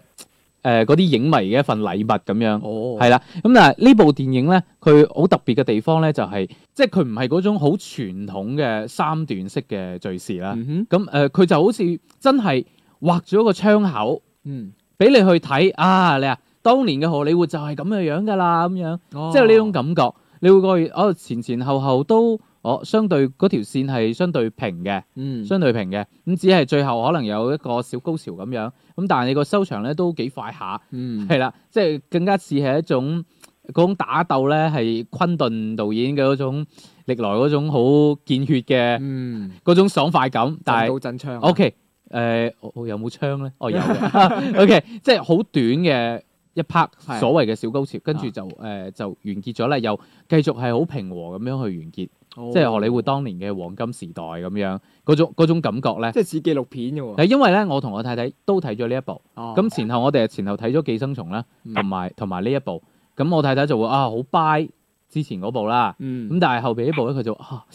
誒嗰啲影迷嘅一份禮物咁樣，係啦、oh, oh, oh. 咁但係呢部電影咧，佢好特別嘅地方咧，就係，就係即係佢唔係嗰種好傳統嘅三段式嘅敘事啦。咁誒、mm，佢、hmm. 嗯呃、就好似真係畫咗個窗口，俾、mm hmm. 你去睇啊！你啊，當年嘅荷里活就係咁嘅樣㗎啦，咁樣，oh. 即係呢種感覺。你會覺得哦，前前後後都。哦相對嗰條線係相對平嘅，嗯，相對平嘅咁，只係最後可能有一個小高潮咁樣咁，但係你個收場咧都幾快下，嗯，係啦，即係更加似係一種嗰種打鬥咧係昆頓導演嘅嗰種歷來嗰種好見血嘅嗰種爽快感，但係 OK 誒，我有冇槍咧？哦，有嘅，OK，即係好短嘅一拍所謂嘅小高潮，跟住就誒就完結咗啦，又繼續係好平和咁樣去完結。即係荷里活當年嘅黃金時代咁樣嗰種，嗰種感覺咧，即係似紀錄片嘅喎。因為咧，我同我太太都睇咗呢一部。咁、哦、前後我哋係前後睇咗《寄生蟲》啦，同埋同埋呢一部。咁我太太就會啊，好 buy 之前嗰部啦。咁、嗯、但係後邊呢部咧，佢就啊，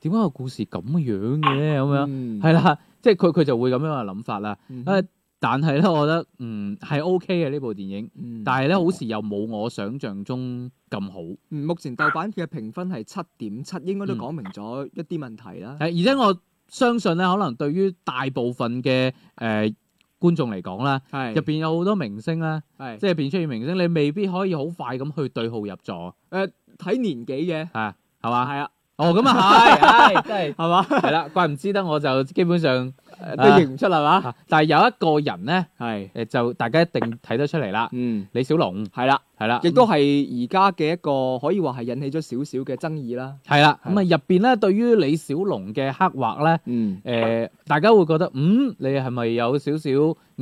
點解個故事咁嘅樣嘅咁樣？係、嗯、啦，即係佢佢就會咁樣嘅諗法啦。誒、嗯。但係咧，我覺得嗯係 O K 嘅呢部電影，但係咧好似又冇我想象中咁好。嗯，目前豆瓣嘅評分係七點七，應該都講明咗一啲問題啦。誒、嗯，而且我相信咧，可能對於大部分嘅誒、呃、觀眾嚟講咧，入邊是有好多明星咧，係是即係變出現明星，你未必可以好快咁去對號入座。誒、呃，睇年紀嘅，係係嘛？係啊。哦，咁 <laughs> <laughs> 啊，係係真係係嘛？係啦，怪唔之得，我就基本上。都認唔出係嘛、啊？但係有一個人咧，係誒是、呃、就大家一定睇得出嚟啦。嗯，李小龍係啦，係啦了，亦都係而家嘅一個可以話係引起咗少少嘅爭議啦。係啦，咁啊入邊咧，對於李小龍嘅刻畫咧，誒、嗯呃、大家會覺得嗯，你係咪有少少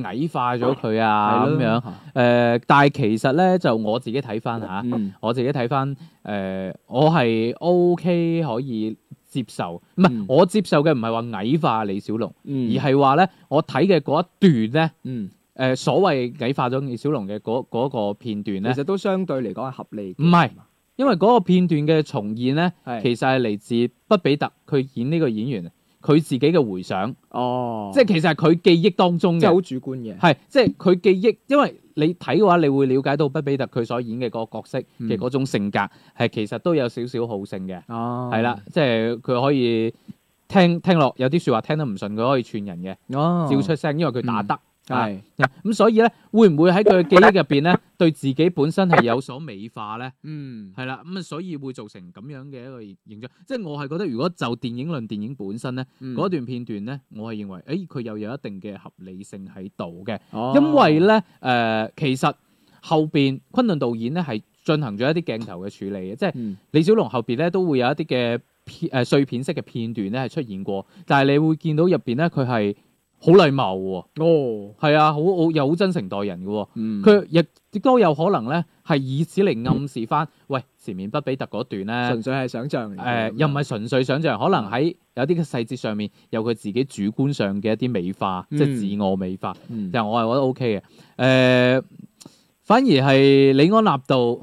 矮化咗佢啊咁、嗯、樣？誒、呃，但係其實咧，就我自己睇翻嚇，嗯、我自己睇翻誒，我係 OK 可以。接受唔係、嗯、我接受嘅，唔係話矮化李小龍，嗯、而係話咧我睇嘅嗰一段咧，誒、嗯呃、所謂矮化咗李小龍嘅嗰個片段咧，其實都相對嚟講係合理。唔係，因為嗰個片段嘅重現咧，是其實係嚟自畢比特佢演呢個演員佢自己嘅回想，哦、即係其實係佢記憶當中嘅，即係好主觀嘅，係即係佢記憶，因為。你睇嘅話，你會了解到畢比特佢所演嘅個角色嘅種性格，係、嗯、其實都有少少好勝嘅，係啦、哦，即係佢可以聽聽落有啲說話聽得唔順佢，可以串人嘅，哦、照出聲，因為佢打得。嗯係，咁、嗯、所以咧，會唔會喺佢嘅記憶入邊咧，對自己本身係有所美化咧？嗯，係啦，咁啊，所以會造成咁樣嘅一個形象。即係我係覺得，如果就電影論電影本身咧，嗰、嗯、段片段咧，我係認為，誒、欸，佢又有一定嘅合理性喺度嘅。哦、因為咧，誒、呃，其實後邊昆頓導演咧係進行咗一啲鏡頭嘅處理嘅，即係李小龍後邊咧都會有一啲嘅片誒、呃、碎片式嘅片段咧係出現過，但係你會見到入邊咧佢係。好禮貌喎、啊，哦，係啊，好，我又好真誠待人嘅喎、啊，佢亦都有可能咧係以此嚟暗示翻，喂，前面畢比特嗰段咧、啊，純粹係想象嚟，誒、呃，又唔係純粹想象，可能喺有啲嘅細節上面有佢自己主觀上嘅一啲美化，嗯、即係自我美化，嗯嗯、但係我係覺得 OK 嘅，誒、呃，反而係李安納道，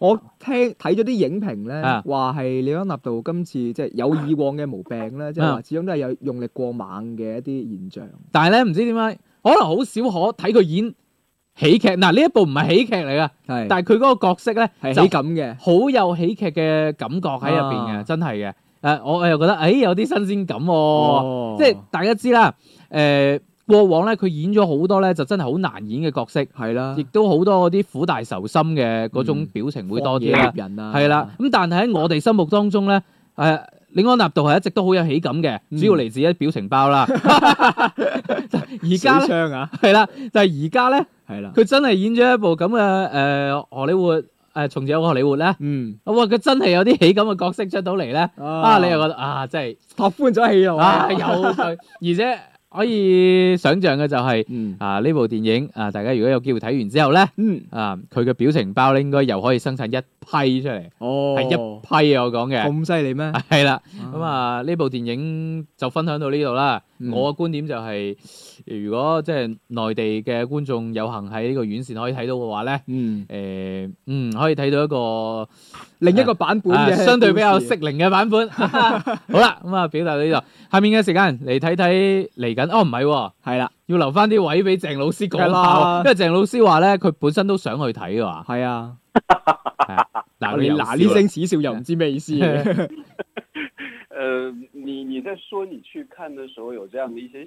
我，睇咗啲影評咧，話係李安納度今次即係、就是、有以往嘅毛病咧，即係話始終都係有用力過猛嘅一啲現象。但係咧唔知點解，可能好少可睇佢演喜劇。嗱呢一部唔係喜劇嚟噶，是但係佢嗰個角色咧就咁嘅，好有喜劇嘅感覺喺入邊嘅，啊、真係嘅。誒、啊，我又覺得誒、哎、有啲新鮮感、哦，哦、即係大家知啦，誒、呃。過往咧，佢演咗好多咧，就真係好難演嘅角色，係啦，亦都好多嗰啲苦大仇深嘅嗰種表情會多啲啦，係啦。咁但係喺我哋心目當中咧，誒，李安納度係一直都好有喜感嘅，主要嚟自一啲表情包啦。而家係啦，就係而家咧，係啦，佢真係演咗一部咁嘅誒，荷里活誒，從前有個荷里活咧。嗯，哇佢真係有啲喜感嘅角色出到嚟咧，啊，你又覺得啊，真係拓寬咗戲路啊，有趣，而且。可以想象嘅就係、係嗯、啊呢部電影啊，大家如果有機會睇完之後咧、嗯、啊佢嘅表情包咧應該又可以生產一批出嚟哦，係一批呀，啊，我講嘅咁犀利咩？係啦，咁，啊，呢部電影就分享到呢度啦。嗯、我嘅觀點就係、係。如果即係內地嘅觀眾有幸喺呢個院線可以睇到嘅話咧，嗯，誒、呃，嗯，可以睇到一個另一個版本，啊，嘅、啊，相對比較適齡嘅版本。 <laughs> <laughs> 好啦，咁、嗯、啊，表達到呢度，下面嘅時間嚟睇睇嚟緊。哦，唔係，係啦的，要留翻啲位俾鄭老師講啦，啊，因為鄭老師話咧，佢本身都想去睇嘅話，係啊的，嗱嗱呢聲恥笑又唔知咩意思。呃，你你在說你去看的時候有這樣的一些。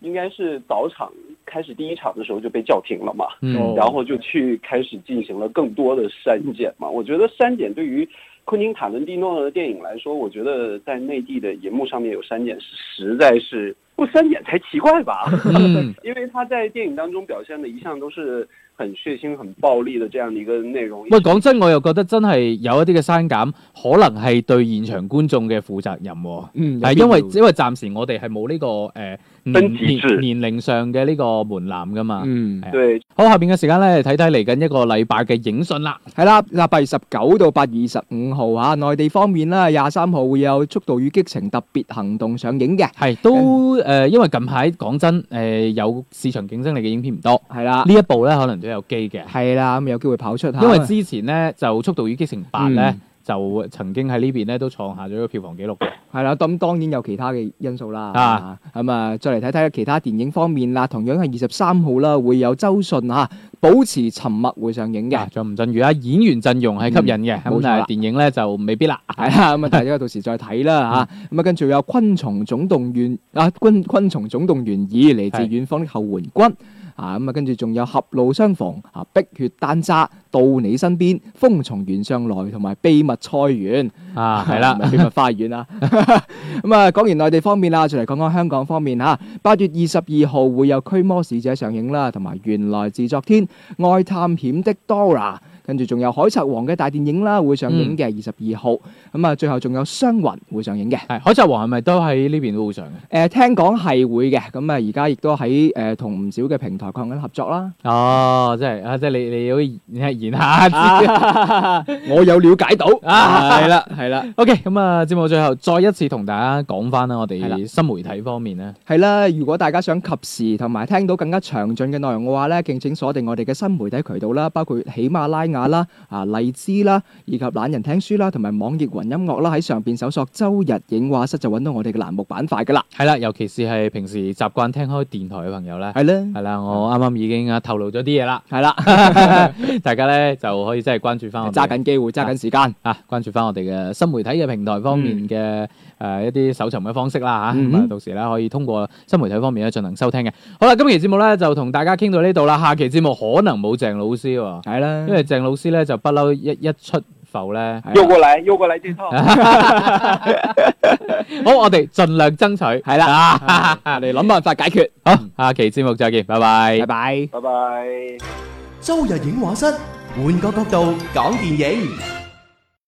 應該是早場開始第一場的時候就被叫停了嘛，嗯、然後就去開始進行了更多的刪減嘛、嗯。我覺得刪減對於昆汀·塔倫蒂諾的電影來說，我覺得在內地的銀幕上面有刪減，實在是不刪減才奇怪吧。嗯、 <laughs> 因為他在電影當中表現的一向都是很血腥、很暴力的這樣的一個內容。不過，講真，我又覺得真係有一啲嘅刪減，可能係對現場觀眾嘅負責任、哦。嗯，因為因為暫時我哋係冇呢、這個、呃年年年齡上嘅呢個門檻㗎嘛，嗯，的好，面看看下邊嘅時間咧，睇睇嚟緊一個禮拜嘅影訊啦，係啦，嗱、啊，八月十九到八月二十五號吓，內地方面咧，廿三號會有《速度與激情》特別行動上映嘅，係，都誒、嗯呃，因為近排講真，誒、呃，有市場競爭力嘅影片唔多，係啦了，呢一部呢可能都有機嘅，係啦，咁有機會跑出，因為之前呢，嗯、就《速度與激情八》呢。嗯就曾經喺呢邊咧，都創下咗一個票房記錄嘅。係啦，咁當然有其他嘅因素啦。啊，咁啊，再嚟睇睇其他電影方面啦。同樣係二十三號啦，會有周迅啊保持沉默，會上映嘅。仲有吳鎮宇啊，演員陣容係吸引嘅。冇錯啦。電影咧就未必啦，係啦咁啊，大家到時再睇啦嚇。咁啊，啊，跟住有昆、啊《昆蟲總動員》啊，《昆昆蟲總動員二：嚟自遠方的後援軍》。啊，咁啊，跟住仲有狹路相逢，啊，碧血丹砂到你身邊，風從原上來，同埋秘密菜園，啊，係啦，秘密花園啊，咁啊，講完內地方面啦，再嚟講講香港方面嚇。八月二十二號會有驅魔使者上映啦，同埋原來自昨天愛探險的 Dora。跟住仲有《海賊王》嘅大電影啦，會上映嘅二十二號。咁啊，最後仲有《雙雲》會上映嘅。《海賊王》係咪都喺呢邊都會上嘅？誒，聽講係會嘅。咁啊，而家亦都喺誒同唔少嘅平台傾緊合作啦。哦，即係啊，即係你你可以言下，我有瞭解到。係啦，係啦。OK，咁啊，節目最後再一次同大家講翻啦，我哋新媒體方面咧，係啦。如果大家想及時同埋聽到更加詳盡嘅內容嘅話咧，敬請鎖定我哋嘅新媒體渠道啦，包括喜馬拉雅。啦，啊，荔枝啦，以及懶人聽書啦，同埋網易雲音樂啦，喺、啊、上邊搜索周日映畫室就揾到我哋嘅欄目板塊噶啦。係啦，尤其是係平時習慣聽開電台嘅朋友呢。係咧了，係啦，我啱啱已經啊透露咗啲嘢啦。係啦了， <laughs> <laughs> 大家呢就可以真係關注翻我哋，揸緊機會，揸緊時間啊，關注翻我哋嘅新媒體嘅平台方面嘅。嗯誒，一啲搜尋嘅方式啦，吓咁啊，到時咧可以通過新媒體方面咧進行收聽嘅。好啦，今期節目咧就同大家傾到呢度啦，下期節目可能冇鄭老師喎，係啦，因為鄭老師咧就不嬲一一出埠咧，喐過來，喐過來，知道。好，我哋盡量爭取，係啦，啊，嚟諗辦法解決。好，下期節目再見，拜拜，拜拜，拜拜。周日映畫室，換個角度講電影。